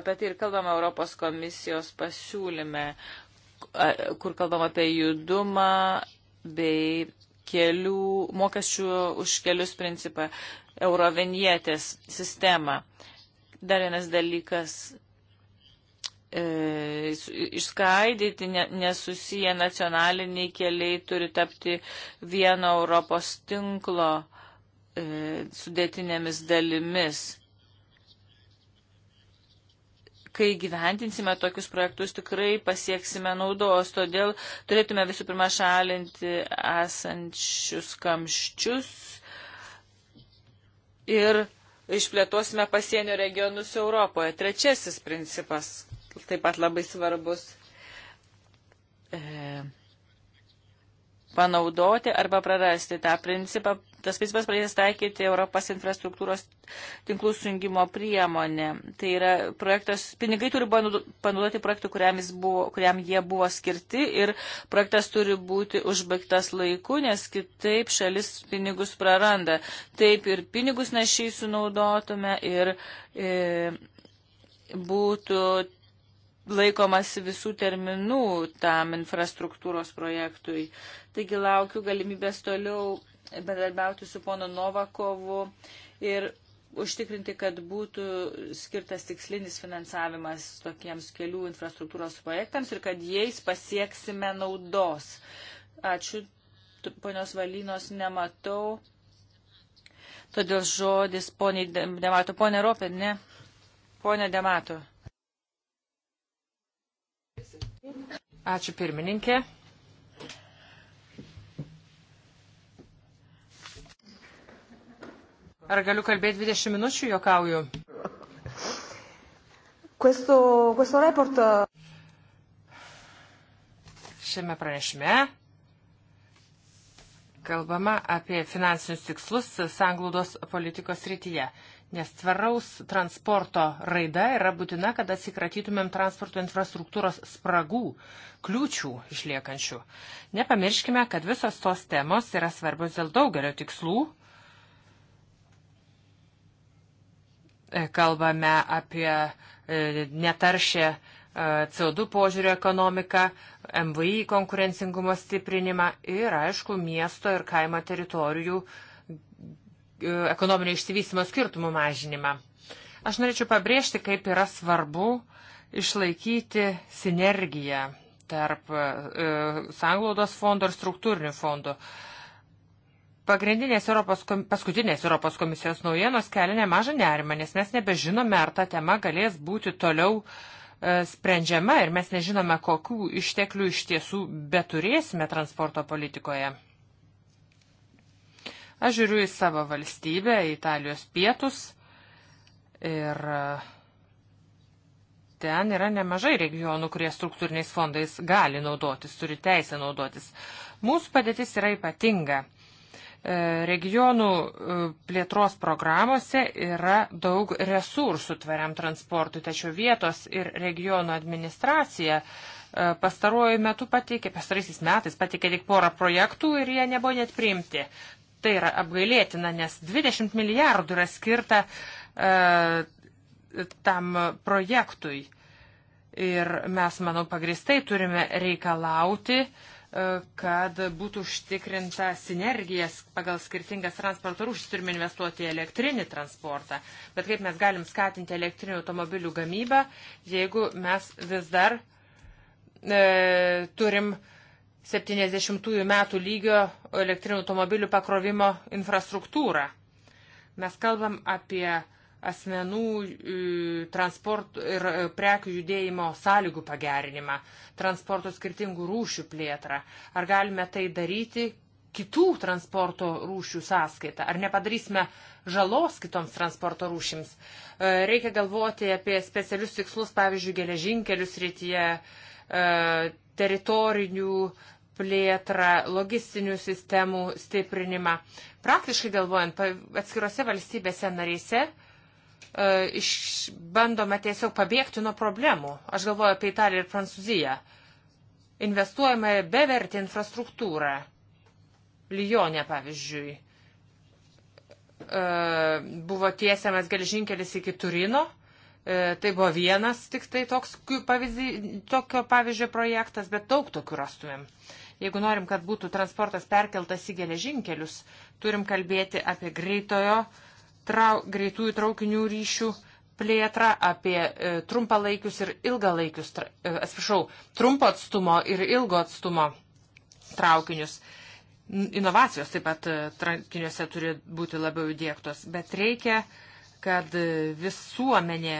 Apie tai ir kalbama Europos komisijos pasiūlyme, kur kalbam apie judumą, bei kelių, mokesčių už kelius principą, eurovinietės sistemą. Dar vienas dalykas e, išskaidyti ne, nesusiję nacionaliniai keliai turi tapti vieno Europos tinklo e, sudėtinėmis dalimis kai gyventinsime tokius projektus, tikrai pasieksime naudos. Todėl turėtume visų pirma šalinti esančius kamščius ir išplėtosime pasienio regionus Europoje. Trečiasis principas taip pat labai svarbus. E, panaudoti arba prarasti tą principą Tas principas pradės taikyti Europos infrastruktūros tinklų sujungimo priemonė. Tai yra projektas, pinigai turi panaudoti projektui, kuriam, buvo, kuriam jie buvo skirti ir projektas turi būti užbaigtas laiku, nes kitaip šalis pinigus praranda. Taip ir pinigus našiai sunaudotume ir e, būtų laikomasi visų terminų tam infrastruktūros projektui. Taigi laukiu galimybės toliau bendradarbiauti su pono Novakovu ir užtikrinti, kad būtų skirtas tikslinis finansavimas tokiems kelių infrastruktūros projektams ir kad jais pasieksime naudos. Ačiū, ponios Valynos nematau. Todėl žodis poniai Demato. Pone Ropė, ne? Pone Demato. Ačiū pirmininkė. Ar galiu kalbėti 20 minučių, jokauju? Questo, questo report... Šiame pranešime kalbama apie finansinius tikslus sanglaudos politikos rytyje nes tvaraus transporto raida yra būtina, kad atsikratytumėm transporto infrastruktūros spragų, kliūčių išliekančių. Nepamirškime, kad visos tos temos yra svarbios dėl daugelio tikslų, E, kalbame apie e, netaršę e, CO2 požiūrio ekonomiką, MVI konkurencingumo stiprinimą ir, aišku, miesto ir kaimo teritorijų ekonominio išsivystimo skirtumų mažinimą. Aš norėčiau pabrėžti, kaip yra svarbu išlaikyti sinergiją tarp e, sanglaudos fondo ir struktūrinių fondų. E, Pagrindinės Europos, paskutinės Europos komisijos naujienos kelia nemažą nerimą, nes mes nebežinome, ar ta tema galės būti toliau e, sprendžiama ir mes nežinome, kokių išteklių iš tiesų beturėsime transporto politikoje. Aš žiūriu į savo valstybę, į Italijos pietus ir e, ten yra nemažai regionų, kurie struktūriniais fondais gali naudotis, turi teisę naudotis. Mūsų padėtis yra ypatinga. E, regionų e, plėtros programuose yra daug resursų tvariam transportui, tačiau vietos ir regionų administracija e, pastaruoju metu pateikė, pastaraisiais metais pateikė tik porą projektų ir jie nebuvo net priimti. Tai yra apgailėtina, nes 20 milijardų yra skirta e, tam projektui. Ir mes, manau, pagristai turime reikalauti, e, E, kad būtų užtikrinta sinergijas pagal skirtingas transporto rūšis. Turime investuoti į elektrinį transportą. Bet kaip mes galim skatinti elektrinių automobilių gamybą, jeigu mes vis dar e, turim 70-ųjų metų lygio elektrinių automobilių pakrovimo infrastruktūrą. Mes kalbam apie asmenų e, transportų ir e, prekių judėjimo sąlygų pagerinimą, transporto skirtingų rūšių plėtrą. Ar galime tai daryti kitų transporto rūšių sąskaitą? Ar nepadarysime žalos kitoms transporto rūšims? E, reikia galvoti apie specialius tikslus, pavyzdžiui, geležinkelius rytyje, teritorinių plėtrą, logistinių sistemų stiprinimą. Praktiškai galvojant, atskirose valstybėse narėse E, bandome tiesiog pabėgti nuo problemų. Aš galvoju apie Italiją ir Prancūziją. Investuojame bevertį infrastruktūrą. Lyonė, pavyzdžiui, e, buvo tiesiamas gelžinkelis iki Turino. E, tai buvo vienas tik tai toks pavyzdį, tokio pavyzdžio projektas, bet daug tokių rastumėm. Jeigu norim, kad būtų transportas perkeltas į geležinkelius, turim kalbėti apie greitojo uh, trau, greitųjų traukinių ryšių plėtrą, apie e, trumpalaikius ir ilgalaikius, tra, e, atsiprašau, trumpo atstumo ir ilgo atstumo traukinius. Inovacijos taip pat e, traukiniuose turi būti labiau įdėktos, bet reikia, kad e, visuomenė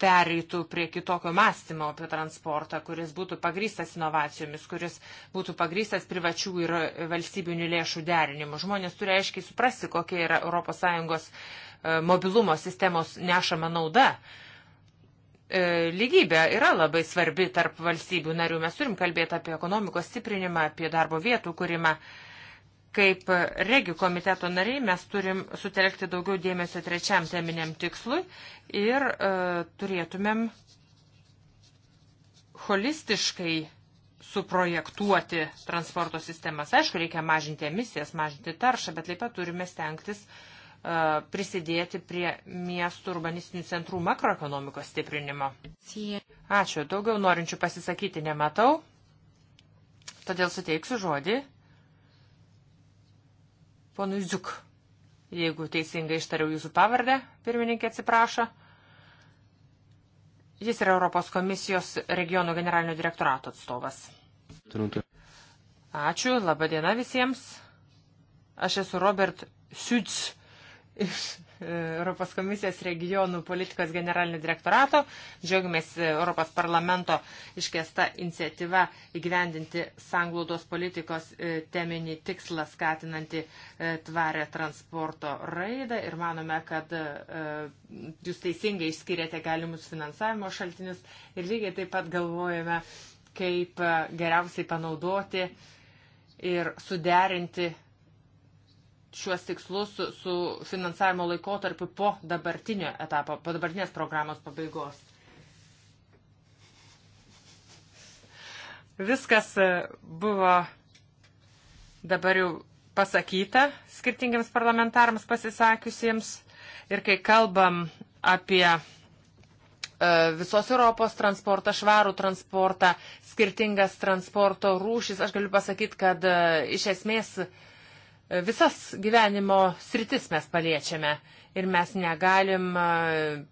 pereitų prie kitokio mąstymo apie transportą, kuris būtų pagrystas inovacijomis, kuris būtų pagrystas privačių ir valstybinių lėšų derinimu. Žmonės turi aiškiai suprasti, kokia yra ES e, mobilumo sistemos nešama nauda. E, lygybė yra labai svarbi tarp valstybių narių. Mes turim kalbėti apie ekonomikos stiprinimą, apie darbo vietų kūrimą. Kur Kaip regi komiteto nariai mes turim sutelkti daugiau dėmesio trečiam teminiam tikslui ir e, turėtumėm holistiškai suprojektuoti transporto sistemas. Aišku, reikia mažinti emisijas, mažinti taršą, bet taip pat turime stengtis uh, prisidėti prie miestų urbanistinių centrų makroekonomikos stiprinimo. Ačiū. Daugiau norinčių pasisakyti nematau. Todėl suteiksiu žodį ponui Ziuk. Jeigu teisingai ištariau jūsų pavardę, pirmininkė atsiprašo. Jis yra Europos komisijos regionų generalinio direktorato atstovas. Ačiū, laba diena visiems. Aš esu Robert Siuts iš Europos komisijos regionų politikos generalinio direktorato. Džiaugiamės e, Europos parlamento iškesta iniciatyva įgyvendinti sanglaudos politikos e, teminį tikslą skatinantį e, tvarę transporto raidą ir manome, kad jūs teisingai išskiriate galimus finansavimo šaltinius ir lygiai taip pat galvojame, kaip geriausiai panaudoti ir suderinti šiuos tikslus su, su finansavimo laikotarpiu po dabartinio etapo, po dabartinės programos pabaigos. Viskas e, buvo dabar jau pasakyta skirtingiams parlamentarams pasisakiusiems ir kai kalbam apie e, visos Europos transportą, švarų transportą, skirtingas transporto rūšis. Aš galiu pasakyti, kad e, iš esmės uh, visas gyvenimo sritis mes paliečiame ir mes negalim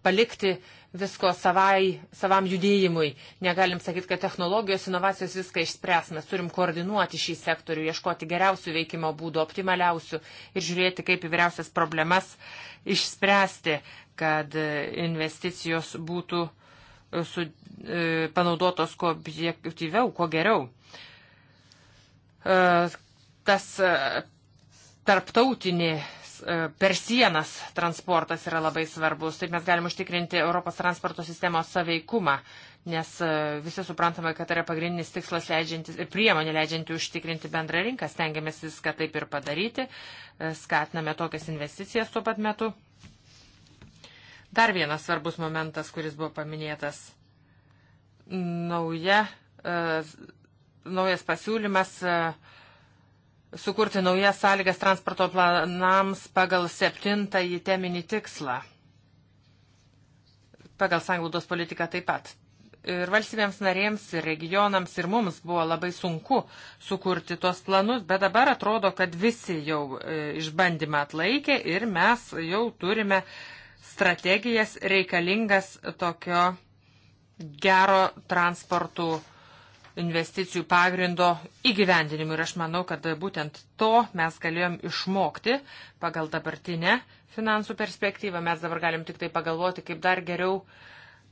palikti visko savai, savam judėjimui. Negalim sakyti, kad technologijos, inovacijos viską išspręs. Mes turim koordinuoti šį sektorių, ieškoti geriausių veikimo būdų, optimaliausių ir žiūrėti, kaip įvairiausias problemas išspręsti, kad e, investicijos būtų e, su, e, panaudotos kuo objektyviau, kuo geriau. E, tas e, tarptautinė e, per sienas transportas yra labai svarbus. Taip mes galime užtikrinti Europos transporto sistemos saveikumą, nes e, visi suprantame, kad yra pagrindinis tikslas leidžiantis ir priemonė leidžianti užtikrinti bendrą rinką. Stengiamės viską taip ir padaryti, e, skatiname tokias investicijas tuo pat metu. Dar vienas svarbus momentas, kuris buvo paminėtas. Nauja, naujas pasiūlymas. Uh, sukurti naujas sąlygas transporto planams pagal septintąjį teminį tikslą. Pagal sanglaudos politiką taip pat. Ir valstybėms narėms, ir regionams, ir mums buvo labai sunku sukurti tos planus, bet dabar atrodo, kad visi jau e, išbandymą atlaikė ir mes jau turime strategijas reikalingas tokio gero transportų uh, investicijų pagrindo įgyvendinimu. Ir aš manau, kad būtent to mes galėjom išmokti pagal dabartinę finansų perspektyvą. Mes dabar galim tik tai pagalvoti, kaip dar geriau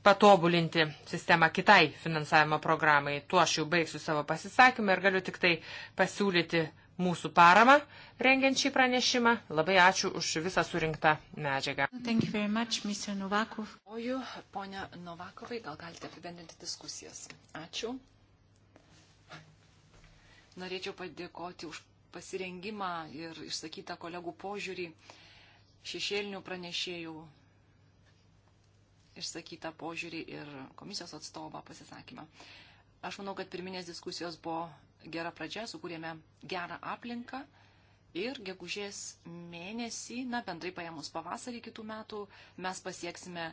patobulinti sistemą kitai finansavimo programai. Tuo aš jau baigsiu savo pasisakymą ir galiu tik tai pasiūlyti mūsų paramą rengiant šį pranešimą. Labai ačiū už visą surinktą medžiagą. Much, Novakov. Oju, ponia Novakovai, gal galite apibendrinti diskusijas. Ačiū. Norėčiau padėkoti už pasirengimą ir išsakytą kolegų požiūrį, šešėlinių pranešėjų išsakytą požiūrį ir komisijos atstovą pasisakymą. Aš manau, kad pirminės diskusijos buvo gera pradžia, sukūrėme gerą aplinką ir gegužės mėnesį, na, bendrai paėmus pavasarį kitų metų, mes pasieksime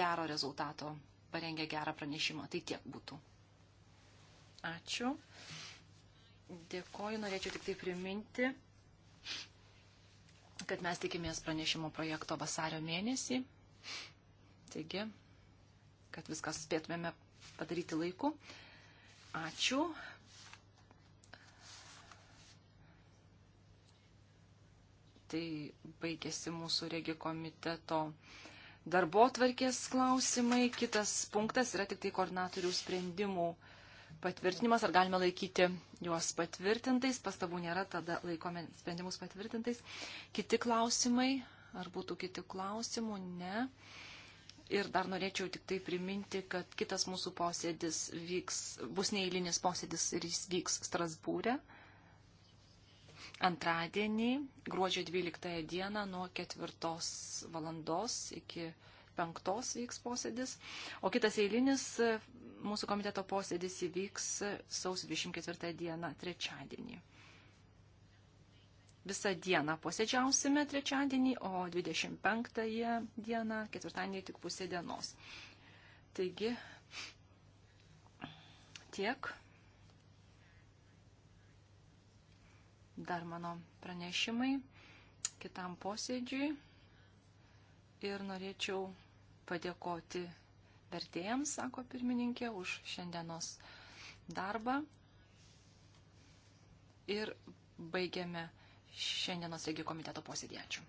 gero rezultato, parengę gerą pranešimą. Tai tiek būtų. Ačiū. Dėkoju, norėčiau tik tai priminti, kad mes tikimės pranešimo projekto vasario mėnesį. Taigi, kad viskas spėtumėme padaryti laiku. Ačiū. Tai baigėsi mūsų regi komiteto darbo tvarkės klausimai. Kitas punktas yra tik tai koordinatorių sprendimų patvirtinimas, ar galime laikyti juos patvirtintais, pastabų nėra, tada laikome sprendimus patvirtintais. Kiti klausimai, ar būtų kiti klausimų, ne. Ir dar norėčiau tik tai priminti, kad kitas mūsų posėdis vyks, bus neįlinis posėdis ir jis vyks Strasbūrė. Antradienį, gruodžio 12 dieną nuo 4 valandos iki 4 penktos vyks posėdis, o kitas eilinis e, mūsų komiteto posėdis įvyks e, sausio 24 dieną, trečiadienį. Visą dieną posėdžiausime trečiadienį, o 25 dieną, ketvirtadienį tik pusė dienos. Taigi, tiek. Dar mano pranešimai kitam posėdžiui ir norėčiau padėkoti vertėjams, sako pirmininkė, už šiandienos darbą. Ir baigiame šiandienos regijų komiteto posėdį. Ačiū.